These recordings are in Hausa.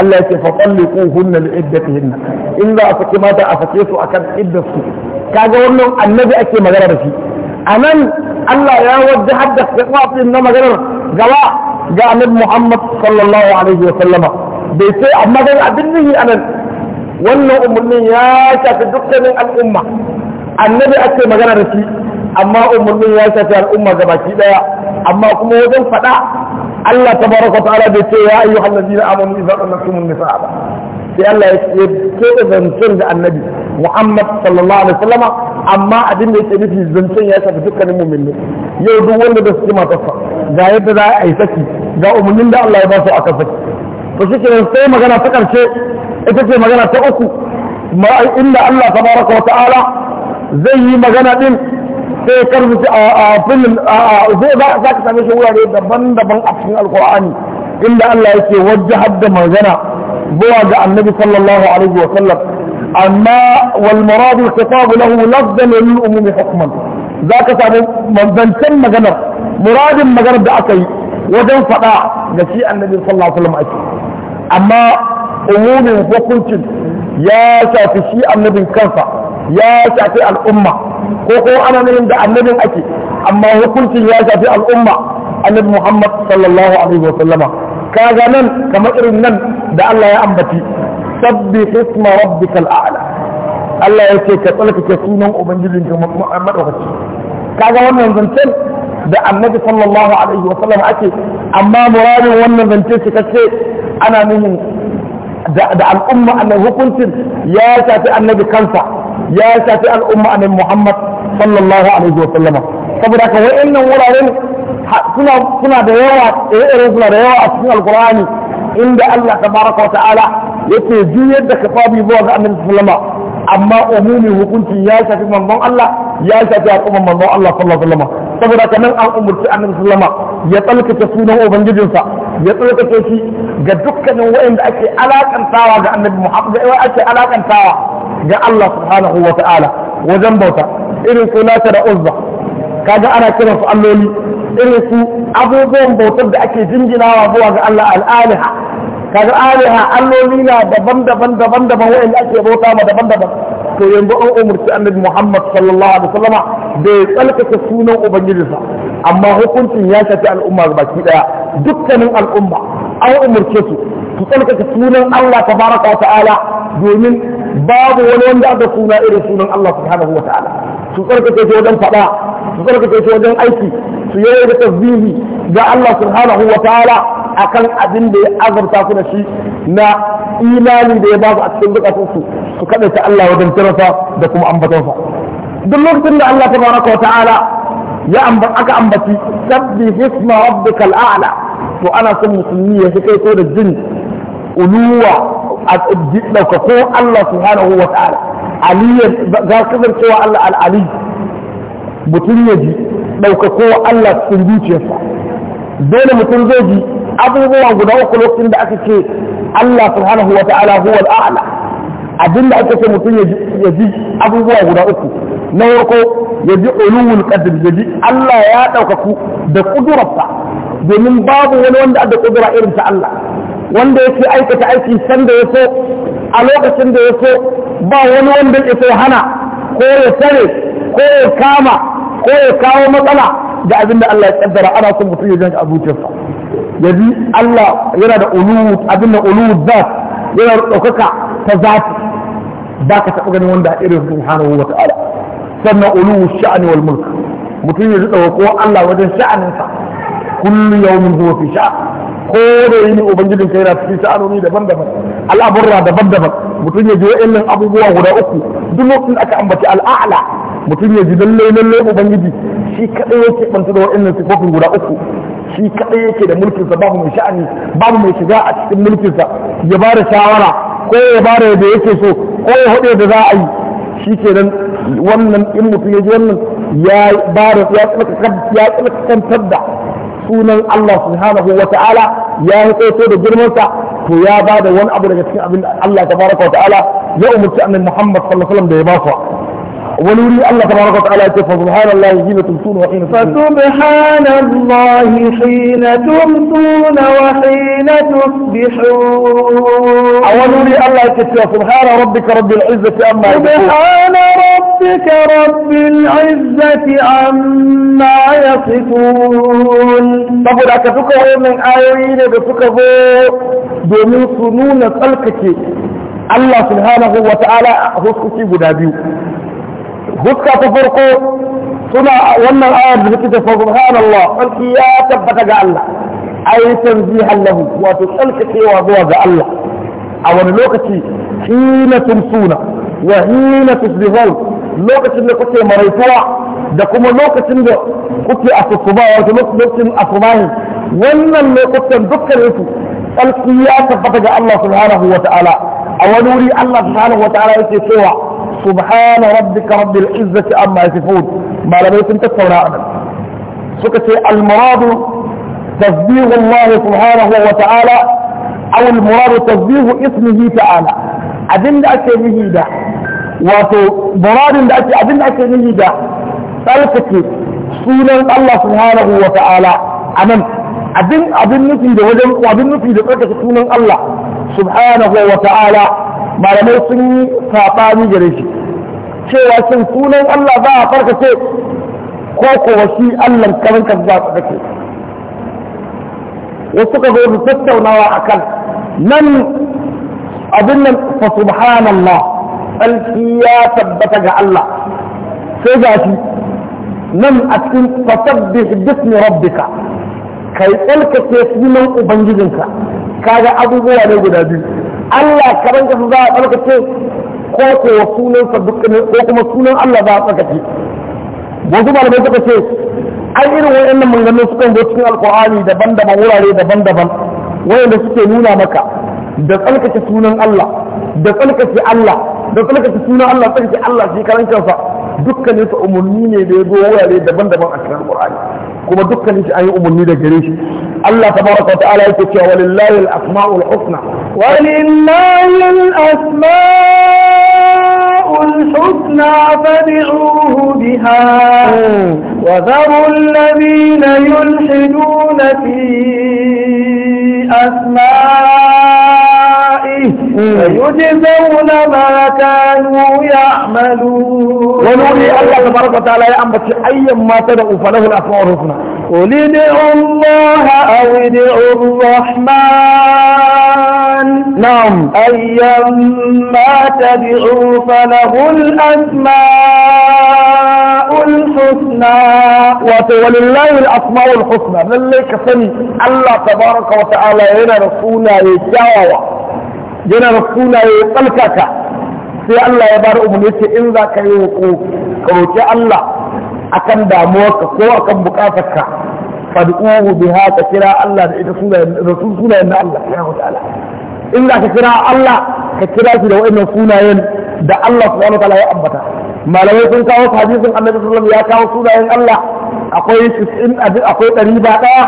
Allah yake fa talliqu hunna li iddatihin in za a saki mata a sake su akan iddatsu kaga wannan annabi ake magana da shi anan Allah ya wadda hadda sai na maganar gaba ga annabi Muhammad sallallahu alaihi wa sallama bai sai amma dai abin nihi anan wannan umurnin ya shafi dukkanin al'umma annabi ake magana da shi amma umurnin ya shafi al'umma gabaki daya amma kuma wajen fada Allah tabaraka ta'ala bai ce ya ayyuhal ladina amanu idza qallatumun nisaa ba sai Allah ya ce zancen da annabi Muhammad sallallahu alaihi wasallam amma abin da yake nufi zancen ya shafi dukkanin mu'mini yau duk wanda da suke matarsa ga yadda za a yi saki ga umarnin da Allah ya ba su aka saki to shi sai magana ta karshe ita ce magana ta uku inda Allah tabaraka wa ta'ala zai yi magana din sai karfafa a filin a zai za ka same shi wurare daban-daban a cikin alkur'ani inda Allah yake wajahar da magana zuwa ga annabi sallallahu alaihi wa sallam amma wal murad al khitab lahu lafzan lil umumi hukman za ka samu manzancin maganar muradin maganar da aka yi wajen faɗa ga shi annabi sallallahu alaihi wa sallam ake amma umumin hukuncin ya shafi shi annabin kansa ya shafi al'umma ko ko ana nufin da annabin ake amma hukuncin ya shafi al'umma annabi Muhammad sallallahu alaihi wa sallama kaga nan kamar irin nan da Allah ya ambaci sabbi isma rabbikal a'la Allah ya ce ka tsarkake sunan ubangijin ka madaukaci kaga wannan zancen da annabi sallallahu alaihi wa sallama ake amma muradin wannan zance shi kace ana nufin da al'umma annabi hukuncin ya shafi annabi kansa ya shafi al'umma annabi Muhammad sallallahu alaihi wa sallama saboda ka wayannan wuraren suna suna da yawa irin suna da yawa a cikin alqur'ani inda Allah tabaraka wa ta'ala yake juyar da kafabi zuwa ga annabi sallama amma umumin hukunci ya shafi manzon Allah ya shafi al'umma manzon Allah sallallahu alaihi wa sallama saboda ka nan an umurci annabi sallama ya tsalkace sunan ubangijinsa ya tsalkace shi ga dukkanin wa'anda ake alakantawa ga annabi muhammad ga ake alakantawa ga Allah subhanahu wa ta'ala wajen bauta irin su lata da uzza kaga ana kira su alloli irin su abubuwan bautar da ake jinjinawa zuwa ga Allah al'aliha kaga aliha alloli na daban-daban daban-daban wa'anda ake bauta ma daban-daban to yanzu an umarci annabi Muhammad sallallahu alaihi wasallama da ya tsalkake sunan ubangijinsa amma hukuncin ya shafi al'umma baki daya dukkanin al'umma an umarce su su tsalkake sunan Allah tabaraka wa ta'ala domin babu wani wanda aka suna irin sunan Allah subhanahu wa ta'ala su tsalkake shi wajen fada su tsalkake shi wajen aiki su yi da tasbihi ga Allah subhanahu wa ta'ala akan abin da ya azurta su da shi na imani da ya ba su a cikin zukatunsu su kaɗa ta Allah wajen kiransa da kuma ambatonsa duk lokacin da Allah tabaraka wa ta'ala ya amba aka ambaci sabbi hisma rabbikal a'la to ana son musulmi ya fi kai da jin uluwa a ɗauka ko Allah subhanahu wa ta'ala aliyar za ka wa Allah al'ali mutum ya ji ɗauka ko Allah cikin zuciyarsa dole mutum zai ji abubuwa guda uku lokacin da aka ce Allah subhanahu wa ta'ala huwa al'ala abinda aka ce mutum ya ji abubuwa guda uku na farko ya ji ulul qadr ya ji Allah ya daukaku da kudurarsa domin babu wani wanda da kudura irin ta Allah wanda yake aikata aiki sanda ya so a lokacin da ya so ba wani wanda ya so hana ko ya sare ko ya kama ko ya kawo matsala da abin da Allah ya kaddara ana son mutum ya janka a zuciyarsa ya ji Allah yana da ulud abin da ulud zat yana da ɗaukaka ta zati ba ka taɓa ganin wanda irin subhanahu wa ta'ala sannan ulud sha'ani wal mulk mutum ya ji ɗaukako Allah wajen sha'aninsa kullu yawmin huwa fi sha'an ko da yini ubangijin kai yana cikin sha'anoni daban-daban al'amurra daban-daban mutum ya ji wa'annan abubuwa guda uku duk lokacin aka ambaci al'a'la mutum ya ji lalle lalle ubangiji shi kadai yake banta da waɗannan sifofin guda uku shi kadai yake da mulkinsa babu mai sha'ani babu mai shiga a cikin mulkinsa ya ba da shawara ko ya ba da yadda yake so ko ya haɗe da za a yi shi ke nan wannan in mutum ya ji wannan ya ba da ya tsarkakantar da sunan Allah subhanahu wa ta'ala ya yi hito da girmansa to ya ba da wani abu daga cikin abin da Allah ta baraka wa ta'ala ya umarci annabi Muhammad sallallahu alaihi wasallam da ya ba su ولولي الله تبارك وتعالى فسبحان الله حين تمسون وحين فسبحان الله حين تمسون وحين تصبحون ولولي الله يكتب سبحان ربك رب العزة أما سبحان ربك رب العزة عما يصفون طب لك تكوين من آيين بفكه domin su الله سبحانه وتعالى subhanahu wa ta'ala huska ta farko suna wannan ayar da suke tafa subhanallah sarki ya tabbata ga Allah a ai tanzihan lahu wato tsarkakewa zuwa ga Allah a wani lokaci hina tumsuna wa hina tusbihun lokacin da kuke maraituwa da kuma lokacin da kuke asusuba wato lokacin asubahi wannan lokutan dukkanin su tsarki ya tabbata ga Allah subhanahu wa ta'ala a wani wuri Allah subhanahu wa ta'ala yake cewa سبحان ربك رب العزة أما يسفون ما لم يكن تكفر أعمل سكة المراد تصديق الله سبحانه وتعالى أو المراد تصديق اسمه تعالى أدن أكي به دا ومراد أكي أدن أكي به دا تلتك سونا الله سبحانه وتعالى أمن أدن أدن في وجم وأدن في تلتك سونا الله سبحانه وتعالى malamai sun yi saɓani gare shi cewa sun sunan Allah za a farkace ko ko wasi Allah kamar ka za ku dake wasu ka zo tattaunawa akan nan abin nan fa subhanallah alki ya tabbata ga Allah sai ga shi nan a cikin fasabbih bismi rabbika kai tsalkace sunan ubangijinka kaga abubuwa ne guda biyu Allah karan ka za a tsarkace ko ko sunansa dukkanin ko kuma sunan Allah za a tsarkace wasu malamai suka ce an irin wayannan maganganun sukan zo cikin alkur'ani daban-daban wurare daban-daban wayanda suke nuna maka da tsarkace sunan Allah da tsarkace Allah da tsarkace sunan Allah tsarkace Allah shi karan kansa dukkanin sa umarni ne da ya zo wurare daban-daban a cikin alkur'ani kuma dukkanin shi an yi umarni da gare shi Allah tabaraka wa ta'ala yake cewa walillahi al-asma'ul husna walillahi al-asma'ul husna fad'uhu biha wa dharu alladhina yulhiduna fi asma'ihi sayujzawna ma kanu ya'malun wani wuri Allah tabaraka wa ta'ala ya ambaci ayyan mata da ufalahu al-asma'ul husna قل ادعوا الله أو ادعوا الرحمن نعم أيما تدعوا فله الأسماء الحسنى ولله الأسماء الحسنى للي كسني الله تبارك وتعالى هنا رسولنا يتعوى هنا رسولنا يتلكك في الله يبارك من umarni ذاك in za الله yi akan damuwarka ko akan bukatarka fad'uhu biha ka kira Allah da ita rasul sunayen na Allah ya subhanahu wataala in za ka kira Allah ka kira shi da wa'annan sunayen da Allah subhanahu wataala ya ambata malamai sun kawo hadisin Annabi sallallahu ya kawo sunayen Allah akwai 90 abin akwai 100 ba daya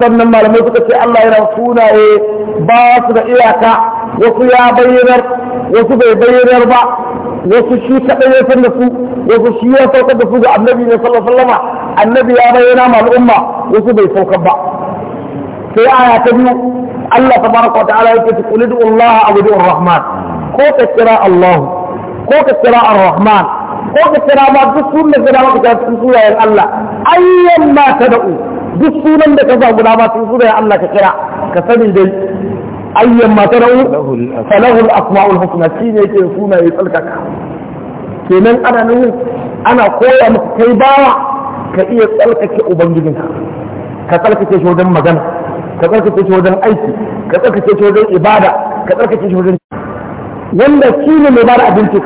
sannan malamai suka ce Allah yana sunaye ba su da iyaka wasu ya bayyana wasu bai bayyanar ba wasu shi kaɗai ya san da su wasu shi ya saukar da su ga annabi ne sallallahu alaihi annabi ya bayyana ma al'umma wasu bai saukar ba sai aya ta biyu Allah tabaraka wa ta'ala yake ce qul Allah abudu rahman ko ka kira Allah ko ka kira ar-rahman ko ka kira ma duk sunan da maka ta cikin sunayen Allah ayyan ma tad'u duk sunan da ka zama guda ma cikin sunayen Allah ka kira ka sani dai ayyan masarau falahul asma'ul husna shi ne yake suna ya tsarkaka kenan ana nuna ana koya maka kai bawa ka iya tsarkake ubangijinka ka tsarkake shi wajen magana ka tsarkake shi wajen aiki ka tsarkake shi wajen ibada ka tsarkake shi wajen wanda shi ne mai bada abinci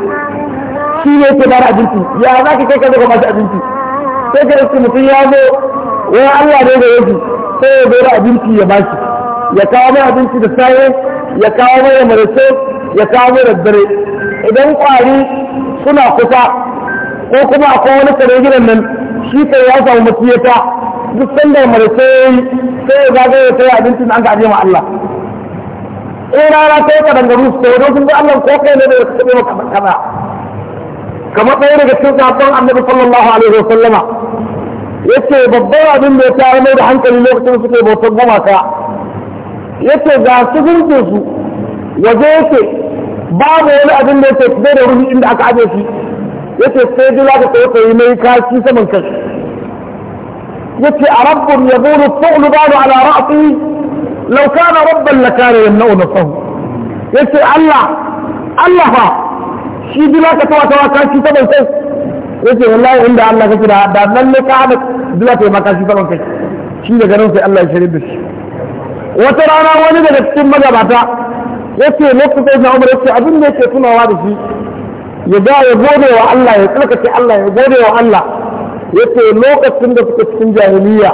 shi ne yake bada abinci ya za ka kai ka zaka masu abinci sai ka rasu mutum ya zo wani Allah ne da yake sai ya zo da abinci ya bashi ya kawo mai abinci da saye ya kawo mai da marace ya kawo mai da dare idan kwari suna kusa ko kuma akwai wani kare gidan nan shi ta ya samu matiyata duk sanda sandar marace sai ya zagaye ya kai abincin da an gaje ma Allah in rana ta yi kadangaru su kai don sun bi Allah ko kai ne da ya kaɗe maka kaza kamar ɗaya daga cikin sahabban annabi sallallahu alaihi wa sallama yace babban abin da ya tayar mai da hankali lokacin suke bautar gumaka yace ga su gurfe su waje yake babu wani abin da yake fitar da wuri inda aka aje shi yace sai dai za ka kai kai mai kashi saman kan yace a rabbun yaqulu tu'lu ba'du ala ra'si law kana rabban lakana yamna'u nafsahu yace Allah Allah fa shi dai za ka tawa tawa kashi saman kai yace wallahi inda Allah kake da da nan ne ka da dai za ka yi makashi saman kai shi daga nan sai Allah ya shirye da shi wata rana wani daga cikin magabata ya ce lokacin na umar ya abin da yake tunawa da shi ya ga ya gode wa Allah ya tsarkake Allah ya gode wa Allah ya ce lokacin da suka cikin jahiliya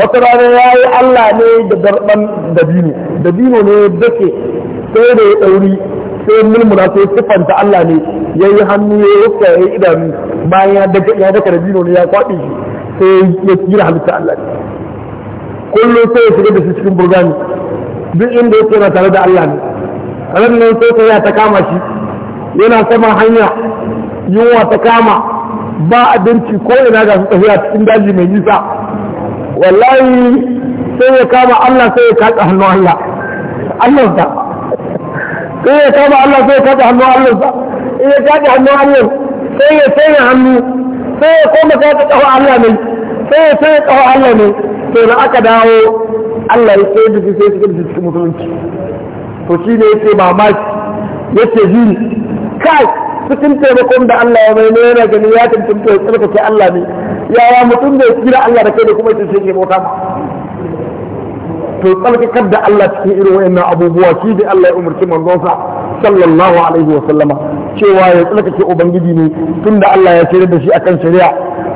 wata rana ya yi Allah ne da darban dabino dabino ne ya dake sai da ya ɗauri sai mulmula sai siffanta Allah ne ya yi hannu ya rufka ya yi idanu bayan ya daka dabino ne ya kwaɗe shi sai ya kira halitta Allah ne kullum sai ya shiga da shi cikin burgani duk inda yake na tare da Allah ne ran nan sai ta ya ta kama shi yana saman hanya yunwa ta kama ba abinci ko ina ga su tafiya cikin daji mai nisa wallahi sai ya kama Allah sai ya kaɗa hannun Allah Allah ta sai ya kama Allah sai ya kaɗa hannun Allah sa in ya kaɗa hannun Allah sai ya sanya hannu sai ya koma kaɗa ƙafa Allah ne sai ya sanya ƙafa Allah ne to da aka dawo Allah ya ce da sai suka da cikin musulunci to shi ne yace mamaki ce ji kai cikin taimakon da Allah ya mai ne yana ganin ya tantance ya tsarkake Allah ne yaya mutum bai kira Allah da kai da kuma sai ke bauta to tsarkakar da Allah cikin irin wayannan abubuwa shi da Allah ya umarci manzonsa sallallahu alaihi wa sallama cewa ya tsarkake ubangiji ne tunda Allah ya shirya da shi akan shari'a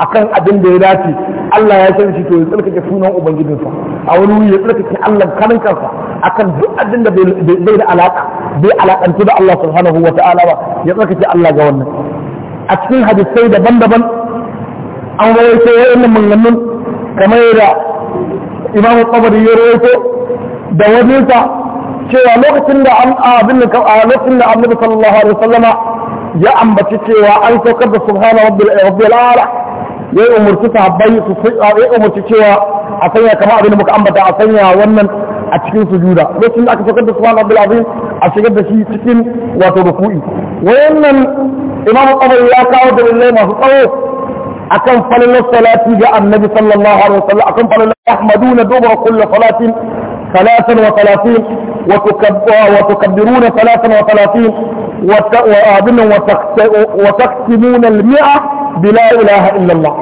akan abin da ya dace Allah ya san shi to ya tsarkake sunan ubangijinsa a wani wuri ya tsarkake Allah kanin kansa akan duk abin da bai da alaka bai alakantu da Allah subhanahu wa ta'ala ba ya tsarkake Allah ga wannan a cikin hadisai daban-daban an rawaito wayannan mangannin kamar da Imam Tabari ya rawaito da wajensa cewa lokacin da an abin da lokacin da Annabi sallallahu alaihi wasallama ya ambaci cewa an saukar da subhana rabbil ya umurci sahabbai su ya umurci cewa a sanya kamar abin da muka ambata a sanya wannan a cikin sujuda lokacin da aka saukar da subhanahu rabbil azim a shigar da shi cikin wato ruku'i wayannan imam qabri ya kawo dalilai masu tsawo akan falalar salati ga annabi sallallahu alaihi wasallam akan falalar ahmaduna dubra kullu salatin salatan wa salatin وتكبرون ثلاثا وثلاثين وتختمون المئة bila ilaha illallah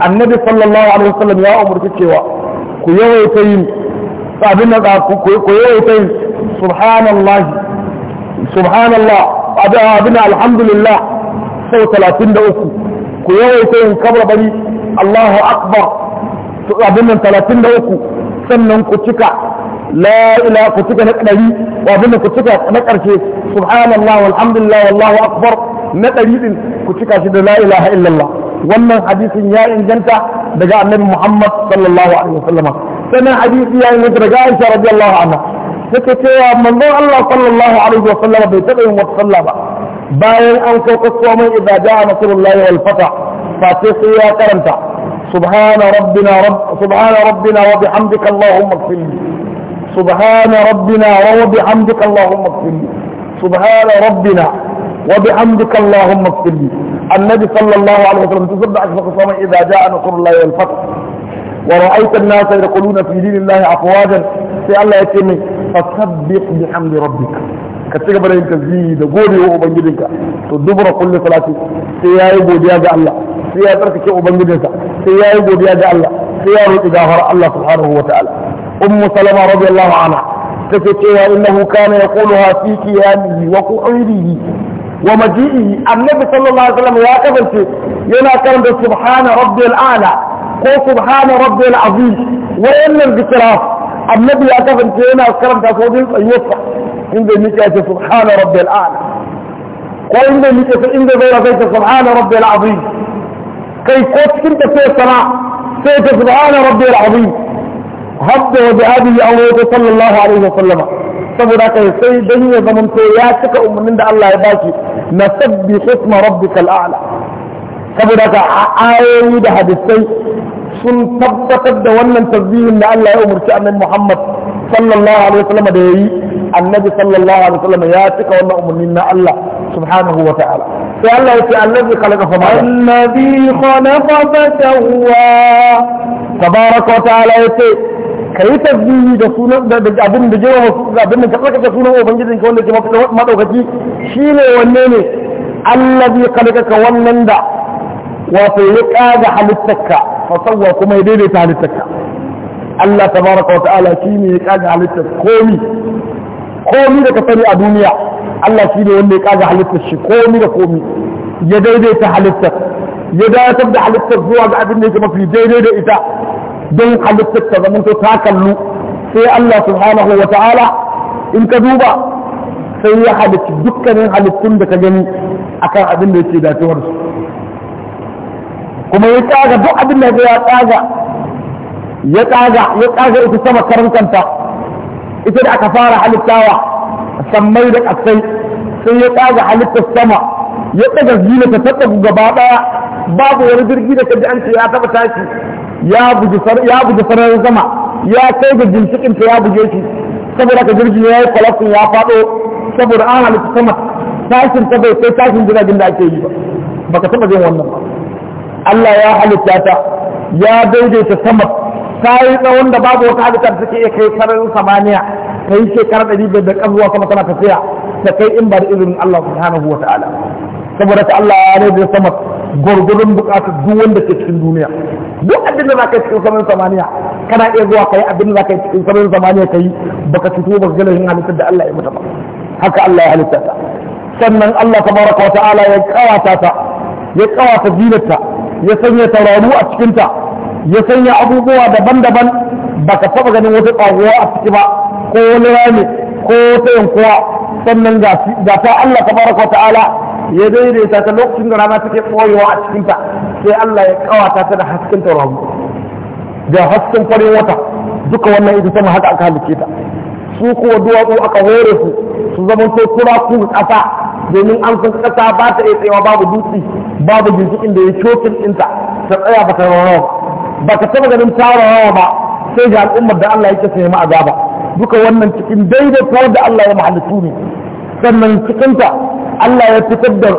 annabi sallallahu alaihi wasallam ya umarci cewa ku yawaita yin abin da ku yawaita yin subhanallahi subhanallah abin alhamdulillah sau 33 ku yawaita yin kabarbari Allahu Akbar abin nan talatin da uku sannan ku cika la ila ku cika na ɗari abin da ku cika na ƙarshe subhanallah walhamdulillah wallahu akbar na ɗari ɗin ku cika shi da la ilaha illallah wannan hadisin ya inganta daga annabi Muhammad sallallahu alaihi wasallama sannan hadisi ya inganta daga Aisha radiyallahu anha take cewa manzon Allah sallallahu alaihi wasallama bai taɓa yin wata sallah ba bayan an kai kasuwa mai idza ja'a nasrullahi wal fatah fa sai ya karanta سبحان ربنا رب سبحان ربنا وبحمدك اللهم اغفر لي سبحان ربنا وبحمدك اللهم اغفر لي سبحان ربنا وبحمدك اللهم اغفر لي النبي صلى الله عليه وسلم تصدع اشفق صوما اذا جاء نصر الله والفتح ورايت الناس يقولون في دين الله افواجا في الله يكرمك فسبق بحمد ربك كتجبر انت زي ده غوري هو بنجدك كل صلاتي سي ياي غوديا ده الله سي يا تركي هو بنجدك سي ياي غوديا الله سي يا غفر الله سبحانه وتعالى ام سلمة رضي الله عنها تكتوى انه كان يقولها في كيانه وقعيده ومجيئه النبي صلى الله عليه وسلم يا ابن سي يلا كان سبحان ربي الاعلى قول سبحان ربي العظيم وين الانقراض النبي يا ابن سي يلا كان ده يوسف عند نيته سبحان ربي الاعلى وين نيته عند بيته سبحان ربي العظيم كيف كنت في الصلاة سيد سبحان ربي العظيم هبه بهذه أوليك صلى الله عليه وسلم سبحانك سيدني ومن سياتك أمن عند الله يباكي na sabbi husma rabbikal a'la saboda ka ayoyi da hadisai sun tabbatar da wannan tasbihin da Allah ya umarci annabi Muhammad sallallahu alaihi wasallam da yayi annabi sallallahu alaihi wasallam ya cika wannan umarnin na Allah subhanahu wa ta'ala sai Allah ya ce annabi khalaqa fa annabi khalaqa fa tawwa tabaraka wa ta'ala ya ce ka yi tasbihi da sunan da abin da jira abin da ka tsarkake sunan ubangijin ka wanda ke madaukaki shine wanne ne allazi ka wannan da wato ya kaga halittarka fa sawwa kuma ya daidaita halittarka Allah tabaraka wa ta'ala shine ya kaga halittar komi komi da ka sani a duniya Allah shine wanda ya kaga halittar shi komi da komi ya daidaita halittar ya datar da halittar zuwa ga abin da yake mafi daidai da ita don halittar ta zamanto ta kallu sai Allah subhanahu wa ta'ala in ka duba sai ya halitta dukkanin halittun da ka gani akan abin da yake dacewar su kuma ya tsaga duk abin da ya tsaga ya tsaga ya tsaga ita sama karankanta ita da aka fara halittawa sammai da kasai sai ya tsaga halittar sama ya tsaga zina ta tattaku gaba daya babu wani jirgi da kaji an ce ya taba tashi ya buji sararin sama ya kai ga ginshikinta ya buge shi saboda ka jirgin ya yi kwalafin ya faɗo saboda an halitta sama tashin ta bai kai tashin jiragen da ake yi ba baka taɓa jin wannan ba Allah ya halitta ta ya daidaita sama ta yi tsawon da babu wata halitta da take iya kai sararin samaniya ta yi shekara ɗari bai da ƙazuwa sama tana tafiya ta kai in ba da izinin Allah subhanahu wa ta'ala saboda ta Allah ya daidaita sama gwargwadon bukatar duk wanda ke cikin duniya duk abin da zaka yi cikin sararin samaniya kana iya zuwa kai abin da za yi cikin sararin samaniya kai yi baka fito ba ga yin halittar da Allah ya mata ba haka Allah ya halitta ta sannan Allah tabaraka wa ta'ala ya kawata ta ya kawata zinarta ya sanya tauraro a cikin ta ya sanya abubuwa daban-daban baka taba ganin wata tsaguwa a ciki ba ko wani rami ko wata yankuwa sannan ga ta Allah tabaraka wa ta'ala ya daidaita ta lokacin da rana take ɓoyewa a cikin ta sai Allah ya kawata ta da hasken tauraro da hasken farin wata duka wannan ita sama haka aka halice ta su kuwa duwatsu aka hore su su zama to kura ku ƙasa domin an san ƙasa ba ta iya tsayawa babu dutse babu ginshiƙin da ya cokin ɗinta ta tsaya ba ta rawa ba ka taɓa ganin ta rawa ba sai ga al'ummar da Allah yake sai ma'azaba duka wannan cikin daidai da Allah ya mahallitu ne sannan cikinta Allah ya fitar da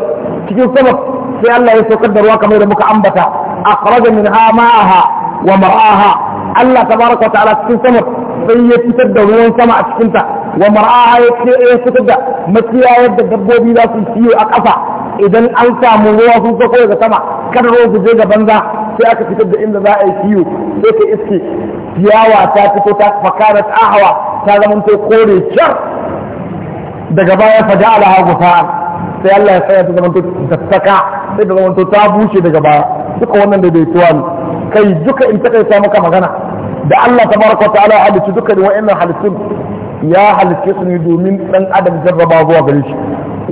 cikin sabab sai Allah ya saukar da ruwa kamar da muka ambata akhraja minha ma'aha wa mar'aha Allah tabaraka ta'ala cikin sabab sai ya fitar da ruwan sama a cikin ta wa mar'aha ya fitar da makiya yadda dabbobi za su ciyo a kafa idan an samu ruwa sun sako daga sama kada ruwa su je ga banza sai aka fitar da inda za a yi kiyo sai ka iske ciyawa ta fito ta fakarat ahawa ta zama to kore kyar daga baya fa ja'alaha gufa'an sai Allah ya sanya ta ta saka sai ta zamanto ta bushe daga baya duka wannan da bai tuwa kai duka in takaita maka magana da Allah tabaraka ta'ala halicci duka da wa'annan halittun ya halicce su ne domin dan adam jarraba zuwa gare shi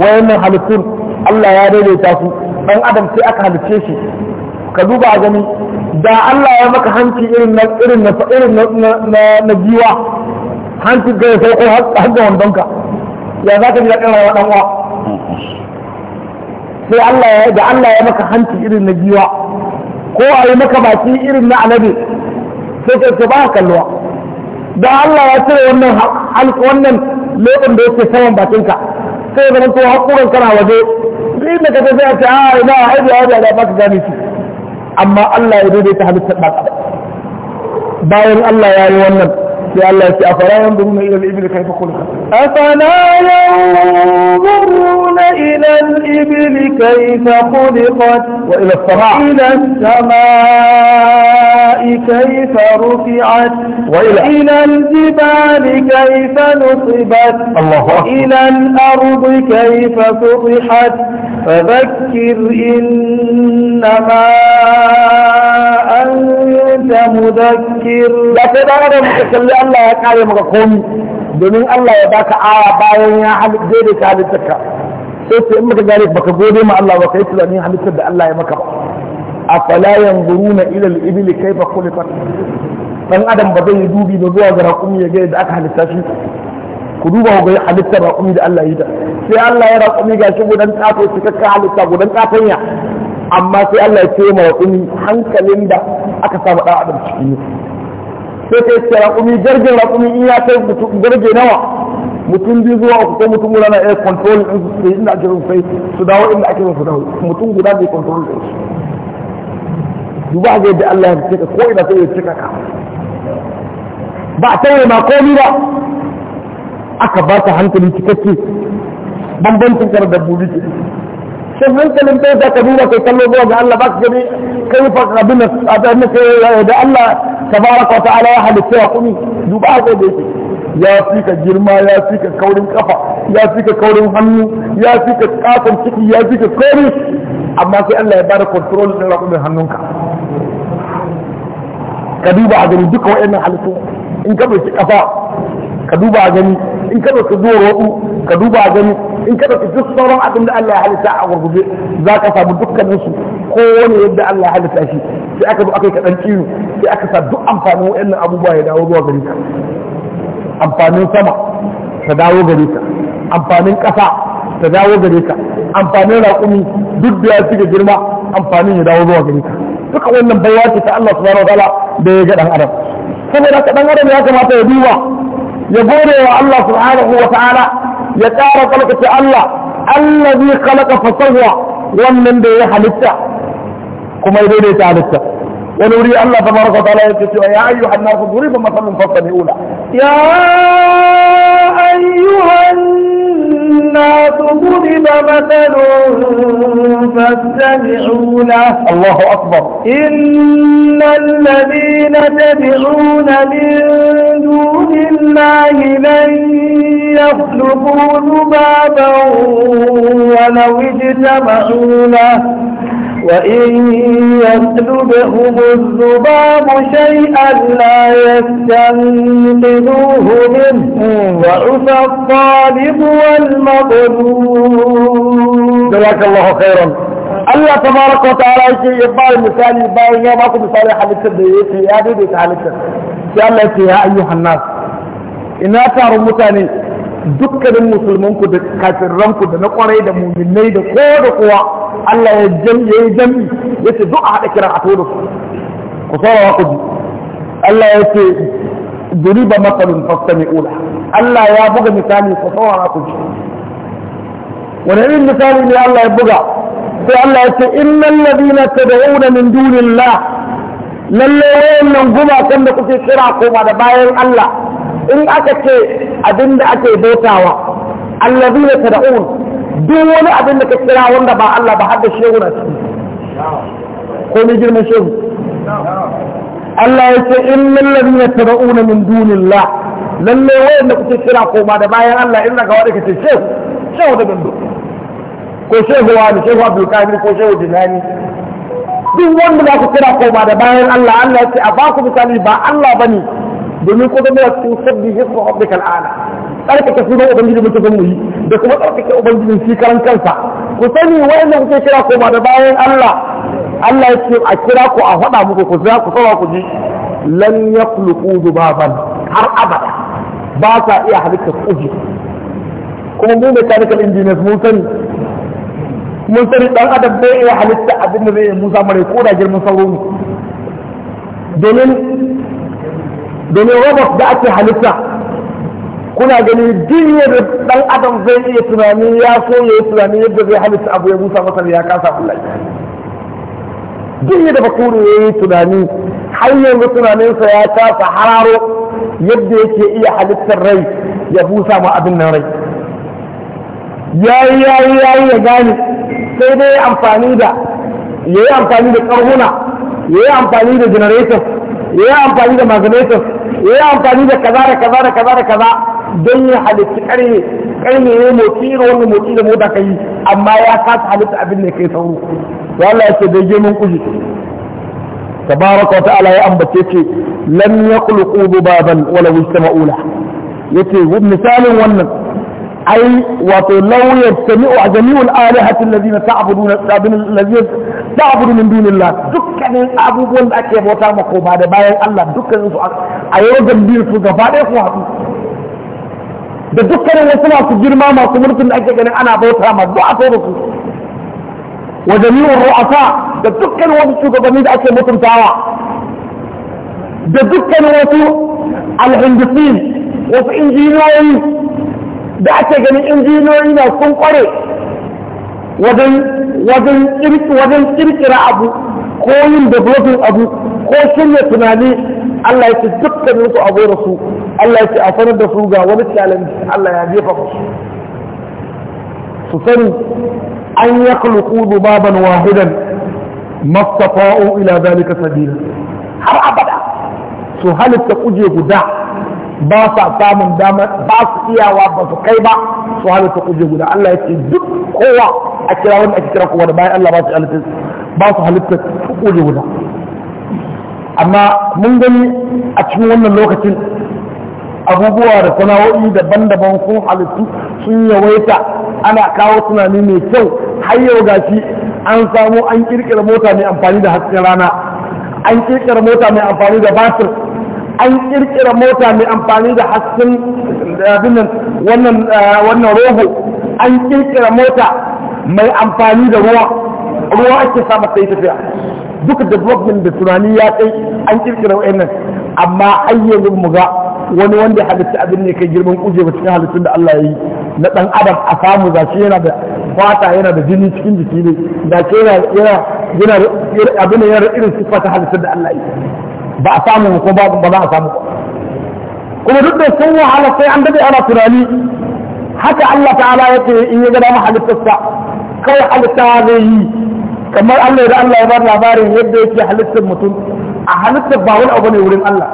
wa'annan halittun Allah ya daidaita su dan adam sai aka halicce shi ka duba a gani da Allah ya maka hanci irin na irin na irin na na jiwa hanci ga sai ko har da wandonka ya zaka ji da kana rawa dan uwa sai Allah ya da Allah ya maka hanci irin na giwa ko a yi maka baki irin na alade sai ka ce ba kalluwa da Allah ya cire wannan wannan lokacin da yake saman bakinka sai zama to hakuran kana waje sai da kaje sai a ce a ah, ina aibi aibi da ba ka gane shi amma Allah ya daidaita halittar ba adam bayan Allah ya yi wannan أفلا ينظرون إلى الإبل كيف خلقت أفلا ينظرون إلى الإبل كيف خلقت وإلى السماء إلى السماء كيف رفعت وإلى الجبال كيف نصبت الله إلى الأرض كيف فضحت فذكر إنما أنت أنت مذكر لا سيدا أنا متكلي الله يكاري مكاكم domin Allah ya baka aya bayan ya daidaita halittarka sai sai in baka gane baka gode ma Allah ba kai tunanin halittar da Allah ya maka ba afala yanzuruna ila al-ibil kayfa khuliqat dan adam ba zai dubi ba zuwa ga rakumi ya ga yadda aka halitta shi ku duba ku ga halittar rakumi da Allah ya yi ta sai Allah ya rakumi gashi gudan kato cikakka halitta gudan katanya amma sai Allah ya ce ma raƙumi hankalin da aka samu ɗan adam cikin sai kai ce raƙumi jirgin raƙumi in ya kai jirgi nawa mutum biyu zuwa uku ko mutum guda na iya control ɗin su sai inda ake sai su dawo inda ake su dawo mutum guda bai control ɗin su duba ga yadda Allah ya cika ko ina sai ya cika ka ba a tare ma komi ba aka ba ta hankali cikakke bambancin kar dabbobi ke shin hankalin kai za ka duba kai kallo zuwa ga Allah ba ka gani kai fa abin da da Allah tabaraka ta'ala ya halitta ya kuni duba ko da yake ya fi ka girma ya fi ka kaurin kafa ya fi ka kaurin hannu ya fi ka katon ciki ya fi ka kauri amma sai Allah ya bada control din rakumin hannunka ka duba a gani duka wa'annan halittu in ka ɗauki kafa ka duba a gani in ka ɗauki zuwa waɗu ka duba a gani in ka ɗauki duk sauran abin da Allah ya halitta a gurguje za ka samu dukkanin su kowane yadda Allah ya halitta shi sai aka zo aka yi kaɗan kiwo sai aka sa duk amfanin wa'annan abubuwa ya dawo zuwa gare ka amfanin sama ta dawo gare ka amfanin ƙasa ta dawo gare ka amfanin raƙumi duk da ya shiga girma amfanin ya dawo zuwa gare ka duka wannan baiwa ce ta Allah subhanahu wa ta'ala da ya ga dan adam saboda ka dan adam ya kamata ya duba ya gode wa Allah subhanahu wa ta'ala ya ƙara falkace Allah allazi khalaqa fa sawwa wannan da ya halitta kuma ya daidaita halitta wani wuri Allah tabaraka wa ta'ala yake cewa ya ayyuhan nasu duriba masalun fastami'u la ya ayyuhan الناس ضرب مثل فاستمعوا له الله أكبر إن الذين تدعون من دون الله لن يخلقوا ذبابا ولو اجتمعوا له وإن يسلبهم الذباب شيئا لا يستنقذوه منه ضعف الطالب والمظلوم. جزاك الله خيرا. الله تبارك وتعالى يشيء يبارك مثال يبارك يا باكو مثال حديث الدنيا يا بيبي حديث يا الله يا ايها الناس ان أكثر متاني dukkanin musulmanku da kafirranku da na kwarai da muminai da ko da kowa Allah ya jami'a ya jami ya ce duk a haɗa kiran a todo su ku saurawa ku ji Allah ya ce duriba masalun fastami ula Allah ya buga misali ku wa ku wani irin misali ne Allah ya buga sai Allah ya ce innal ladina tad'una min dunillah lalle wayannan gumakan da kuke kira koma da bayan Allah in aka ce abin da ake bautawa allazi ne tada'un duk wani abin da ka kira wanda ba Allah ba har da shehu na ciki ko ni girma shehu Allah ya ce in lallazi ne tada'un min dunillah lalle wanda kuke kira koma da bayan Allah in daga wanda kace shehu shehu da bindo ko shehu wani shehu Abdul Kadir ko shehu Dinani duk wanda za ku kira koma da bayan Allah Allah ya ce a ba ku misali ba Allah bane domin ko zama cikin sabbi hisbu rabbikal ala tsarkake sunan ubangiji mun tafi mu yi da kuma tsarkake ubangijin shi karan kansa ku sani wanda kuke kira ko ba da bayan Allah Allah ya ce a kira ku a faɗa muku ku za ku sawa ku ji lan yakhluqu dubaban har abada ba sa iya halitta kuji kuma mu kan engineers mun sani mun sani dan adam bai iya halitta abin da zai yi musa mare ko da girman sauro ne domin domin robot da ake halitta kuna gani duk dan adam zai iya tunani ya so ya yi tunani yadda zai halitta abu ya busa masa ya kasa kullai duk da bakuru ya yi tunani har yanzu tunaninsa ya kasa hararo yadda yake iya halittar rai ya busa ma abin nan rai yayi yayi yayi ya gane sai dai amfani da ya yi amfani da karhuna ya yi amfani da generator ya yi amfani da magnetos ya yi amfani da kaza da kaza da kaza da kaza don ya halitta ƙarni ƙarni ya yi motsi irin wani motsi da mota ka yi amma ya kasa halitta abin da kai sauro to Allah ya ce bai je mun kuji tabaraka wa ta'ala ya ambace ce lam yakhluqu baban wala wajtama'u la yace misalin wannan أي ولو يجتمع جميع الآلهة الذين تعبدون الذين تعبد من دون الله دكان أبوبون أكي بوتا مقوما ده باين الله دكان سو أيو جنبير سو غبا ده سو حقي da dukkanin wasu masu girma masu mulkin da ake ganin ana bauta ma duk a da su wa jami'ur ru'asa da dukkanin wasu shugabanni da ake mutuntawa da dukkanin wasu alhindisin wasu injiniyoyi da ake ganin injiniyoyi na sun kware wajen kirkira abu ko yin developing abu ko shirya tunani Allah ya ce dukkanin su abu da su Allah ya ce a sanar da su ga wani challenge Allah ya jefa su su sani an ya kulku dubaban wahidan mastafa'u ila zalika sabila har abada su halitta kuje guda ba sa samun damar ba su iyawa ba su kai ba su halitta kuje guda Allah ya ce duk kowa a kira wani ake kira kowa da bayan Allah ba su halitta ba su halitta kuje guda amma mun gani a cikin wannan lokacin abubuwa da sana'o'i daban-daban sun halittu sun yawaita ana kawo tunani mai kyau har yau gashi an samu an kirkira mota mai amfani da hasken rana an kirkira mota mai amfani da batir an kirkira mota mai amfani da hasken wannan eh, wannan roho an kirkira mota mai amfani da ruwa ruwa ake samu sai tafiya duk development da tunani ya kai an kirkira wa'annan amma har yanzu mu ga wani wanda halitta abin ne kai girman kuje ba cikin halittun da Allah ya yi na dan adam a samu zashi yana da fata yana da jini cikin jiki ne da ke yana yana abin yana irin sifata halittun da Allah ya yi ba a samu ko ba ba za a samu kuma duk da sun wahala sai an dade ana tunani haka Allah ta'ala ya ce in ya ga dama halittarsa kawai halitta zai yi kamar Allah da Allah ya bar labarin yadda yake halittar mutum a halittar ba wani abu ne wurin Allah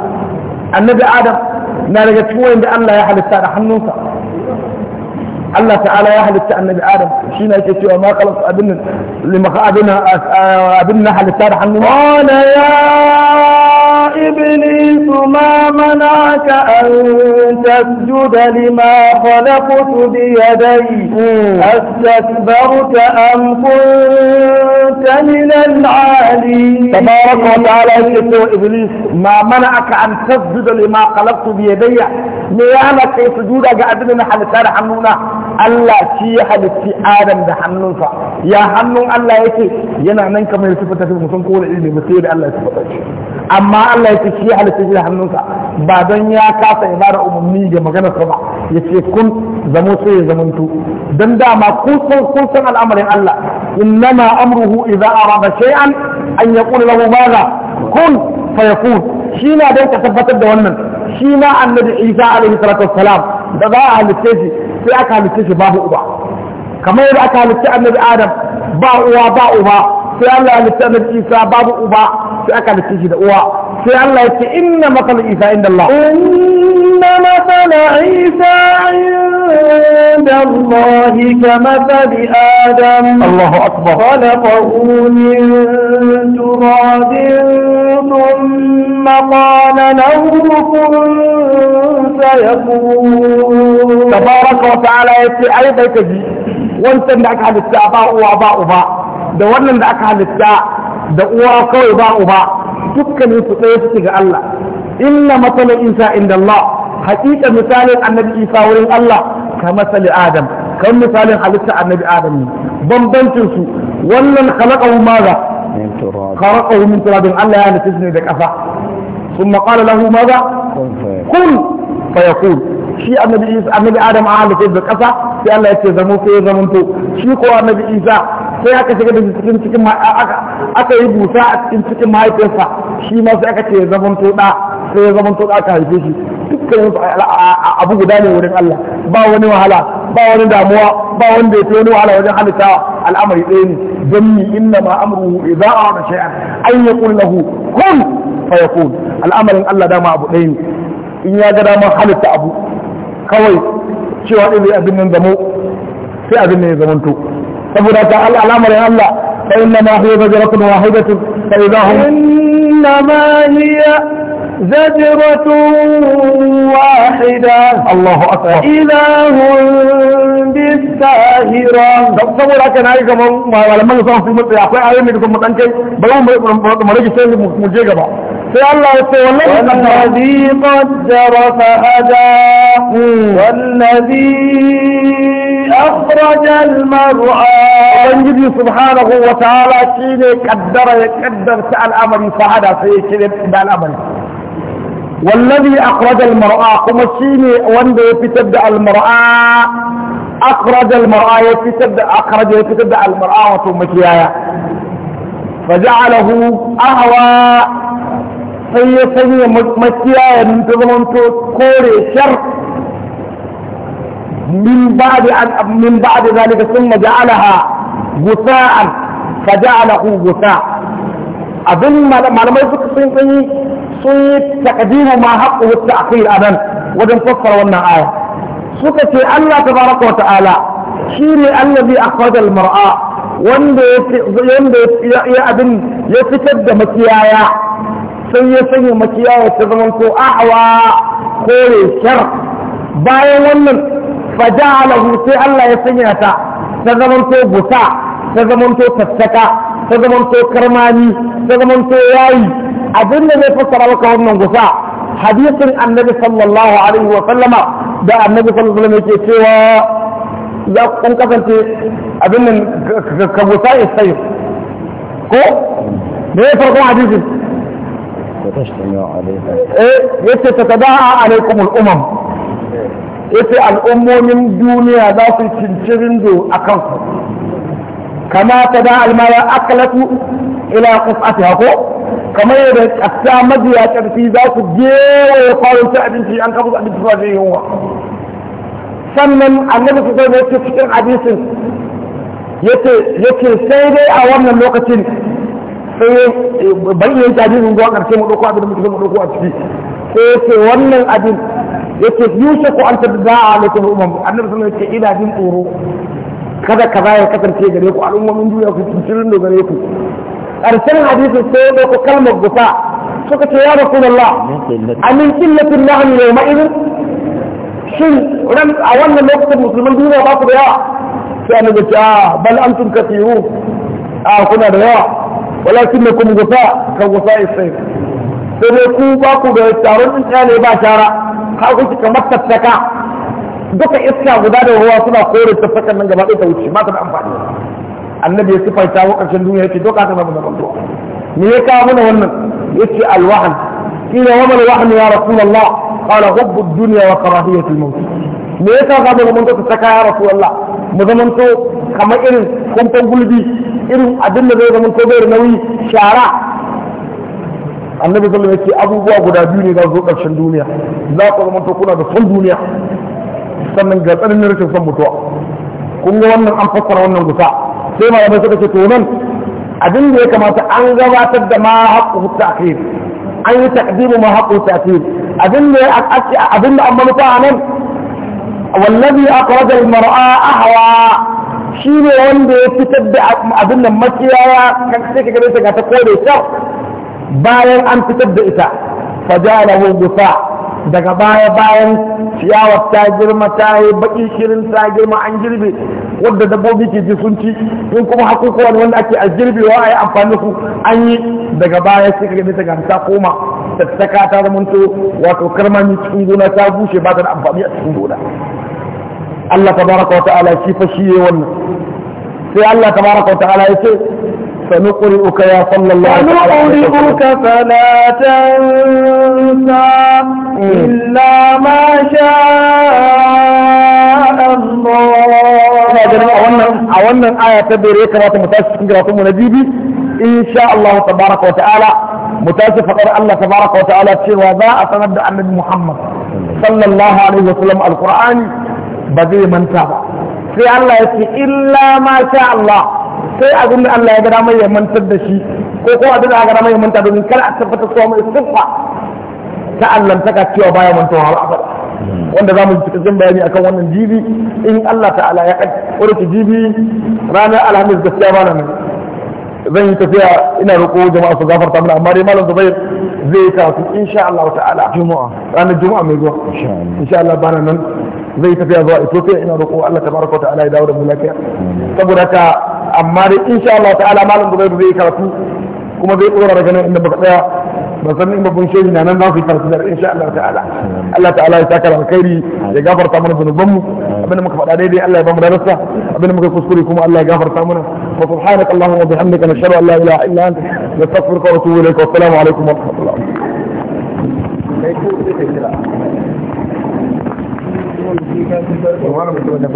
annabi Adam na daga cikin wanda Allah ya halitta da hannunsa Allah ta'ala ya halitta annabi Adam shi ne yake cewa ma khalaq abin limaka abin abin halitta da hannunsa qala ya إبليس ما منعك أن تسجد لما خلقت بيدي أستكبرت أم كنت من العالي تبارك وتعالى يقول إبليس ما منعك أن تسجد لما خلقت بيدي ميانك سجودا قادمنا حلسان حنونا Allah shi ya halitti Adam آدم hannunsa ya hannun Allah yake yana nan kamar sifatar mutum ko da ilimi sai da Allah amma Allah ya ce shi halitta shi da hannunsa ba don ya kasa ibada umarni da maganar sa ba ya ce kun zamo sai ya zamantu don dama kun san kun san al'amarin Allah innama amruhu idza arada shay'an an yaqul lahu madha kun fayakun shi na ka tabbatar da wannan shi na annabi Isa alaihi salatu wassalam da za a halitta shi sai aka halitta shi babu uba kamar yadda aka halitta annabi Adam ba uwa ba uba sai Allah ya halitta annabi Isa babu uba sai aka halitta shi da uwa sai Allah ya ce inna matsala Isa inda Allah inna matsala Isa inda Allah كمثل آدم الله أكبر خلقه من تراب ثم قال له كن سيكون تبارك وتعالى يتي أيضا كجي وانت عندك على السعباء وعباء وعباء da wannan da aka halitta da uwa kawai ba uba dukkanin su ɗaya suke ga Allah inna matsalin isa inda Allah hakika misalin annabi isa wurin Allah ka matsali adam kan misalin halitta annabi adam ne bambancin su wannan khalaqahu maza khalaqahu min turabin Allah ya halitta ne da kafa ثم قال له ماذا كن فيقول shi annabi isa annabi adam a halitta da kasa sai Allah ya ce zamo sai ya zamanto shi ko annabi isa sai aka shiga da cikin cikin aka yi busa a cikin cikin mahaifinsa shi ma sai aka ce ya zaman toda sai ya zaman toda aka haife shi dukkan abu guda ne wurin Allah ba wani wahala ba wani damuwa ba wanda ya fi wani wahala wajen halittawa al'amari ɗaya ne don ni inna ma amruhu idza arada shay'an an yaqul lahu kun fayakun al'amarin Allah dama abu ɗaya ne in ya ga dama halitta abu kawai cewa ɗin abin nan zamo sai abin ne ya zamanto saboda ka al'amarin Allah fa inna هي huwa zajratun wahidatun إنما هي زجرة واحدة الله أكبر إله بالساهرة تصور هكا نعي ولما نصنع في مصر أخوة أعلم لكم متنكي بلوم مريك سيد مجيجة بقى في الله والله والذي قدر فهدى والذي أخرج المرعى وبنجد سبحانه وتعالى شيني قدر يقدر سأل أمري فهذا سيكذب إلى الأمر والذي أخرج المرعى قم الشيني وند يفتد المرعى أخرج المرعى يفتد أخرج يفتد المرعى وثم كيايا فجعله أهوى سيسني مكيايا من تظلمت كوري شرق من بعد من بعد ذلك ثم جعلها غثاء فجعله غثاء اظن ما لم يفك سنقني سنقني تقديم ما حقه التأخير أبن وجن تفر وانا آية سكتي الله تبارك وتعالى شيري الذي أخرج المرأة wanda ya yi abin ya fitar da makiyaya sai ya sanya makiyaya ta faja'alahu sai Allah ya sanya ta ta zamanto busa ta zamanto tattaka ta zamanto karmani ta zamanto yayi abin da zai fassara maka wannan gusa hadisin annabi sallallahu alaihi wa sallama da annabi sallallahu alaihi yake cewa ya kun kasance abin nan ka gusa isai ko me ya farkon hadisin وتجتمع عليها ايه يتتداعى عليكم الامم yace al'ummomin duniya za su cincirin do a kanku kama ta da almaya akalatu ila kusati hako kamar yadda ƙasa majiya ƙarfi za su gewaye kwanon ta abinci an kafa abinci ba zai yiwuwa sannan annabi su zai yake cikin hadisin yace sai dai a wannan lokacin sai bayyana hadisin zuwa ƙarshe mu ɗauko abin da muke mu ɗauko a ciki sai yake wannan abin yake yushaku an tabdaa alaikum umam annabi sallallahu alaihi wasallam ina jin tsoro kada kaza ya kasance gare ku al'ummomin duniya ku tsirin da gare ku karshen hadisin sai da ku kalmar gufa suka ce ya rasulullah amin qillatin nahnu yawma idin shin ran a wannan lokacin musulman duniya ba ku da yawa sai annabi ce a bal antum kathiru a kuna da yawa walakinnakum gufa ka gufa isai sai dai ku ba ku da taron tsaya ne ba shara har kuke kamar tattaka duka iska guda da ruwa suna kore tattakan nan gaba ɗaya ta wuce ba ta da amfani annabi ya sifaita wa ƙarshen duniya yace to ka ta zama zaman ruwa me ya kawo mana wannan yace alwahan kila wa mal wahn ya rasulullah qala hubbu ad-dunya wa karahiyatul maut me ya kawo mana mun tattaka ya rasulullah mu zamanto kamar irin kumfan gulbi irin abin da zai zama ko bai nauyi shara annabi sallallahu alaihi wasallam abubuwa guda biyu ne za su zo ƙarshen duniya za ku zama to kuna da son duniya sannan ga tsananin rashin son mutuwa kun ga wannan an fassara wannan gusa sai malamai suka ce to nan abin da ya kamata an gabatar da ma haƙƙu ta'khir an yi taqdimu ma haƙƙu ta'khir abin da abin da an manufa nan wallazi akhraja al-mar'a ahwa shi ne wanda ya fitar da abin nan makiyaya kan sai ka gare ta ga ta kore shar bayan an fitar da ita fajalahu gusa daga baya bayan ciyawar ta girma ta yi baki shirin ta girma an girbe wadda dabbobi ke ji sun ci in kuma hakukuwan wanda ake a wa a yi amfani su an yi daga baya sai ka ta gamsa koma tattaka ta zamanto wato karmami cikin gona ta bushe ba ta da amfani a cikin gona Allah tabaraka wa ta'ala shi fa shi wannan sai Allah tabaraka wa ta'ala ya ce سنقرئك يا صلى الله عليه وسلم سنقرئك فلا تنسى إلا ما شاء الله أولا آية تبير يكرا تمتاسف إن شاء الله تبارك وتعالى متاسف فقر الله تبارك وتعالى تشير وضاء سنبدا عن محمد صلى الله عليه وسلم القرآن بذي من تابع في الله يسي إلا ما شاء الله sai abin da Allah ya gada mai ya mantar da shi ko kuma abin da ya gada mai ya da shi, kada a tabbatar su mai siffa ta Allah taka cewa baya mantar har abada wanda za mu ji cikakken bayani akan wannan jibi in Allah ta'ala ya kaji wanda ki jibi ranar alhamis gaskiya ba nan zan yi tafiya ina roƙo jama'a su gafarta mana amma dai malam Zubair zai yi karatu insha Allah ta'ala juma'a ranar juma'a mai zuwa insha Allah bana nan zai tafiya zuwa Ethiopia ina roƙo Allah tabaraka ta'ala ya dawo da mu lafiya saboda ka amma dai insha Allah ta'ala malam gobe zai karatu kuma zai tsora daga nan inda baka tsaya ba san in babban shehi na nan za ku yi karatu da insha Allah ta'ala Allah ta'ala ya saka alkhairi ya gafarta mana zunuban mu abinda muka faɗa daidai Allah ya bamu darasa abinda muka kuskure kuma Allah ya gafarta mana wa subhanaka allahumma wa bihamdika nashhadu an la ilaha illa anta nastaghfiruka wa natubu ilayka wa assalamu alaikum wa rahmatullah Thank you.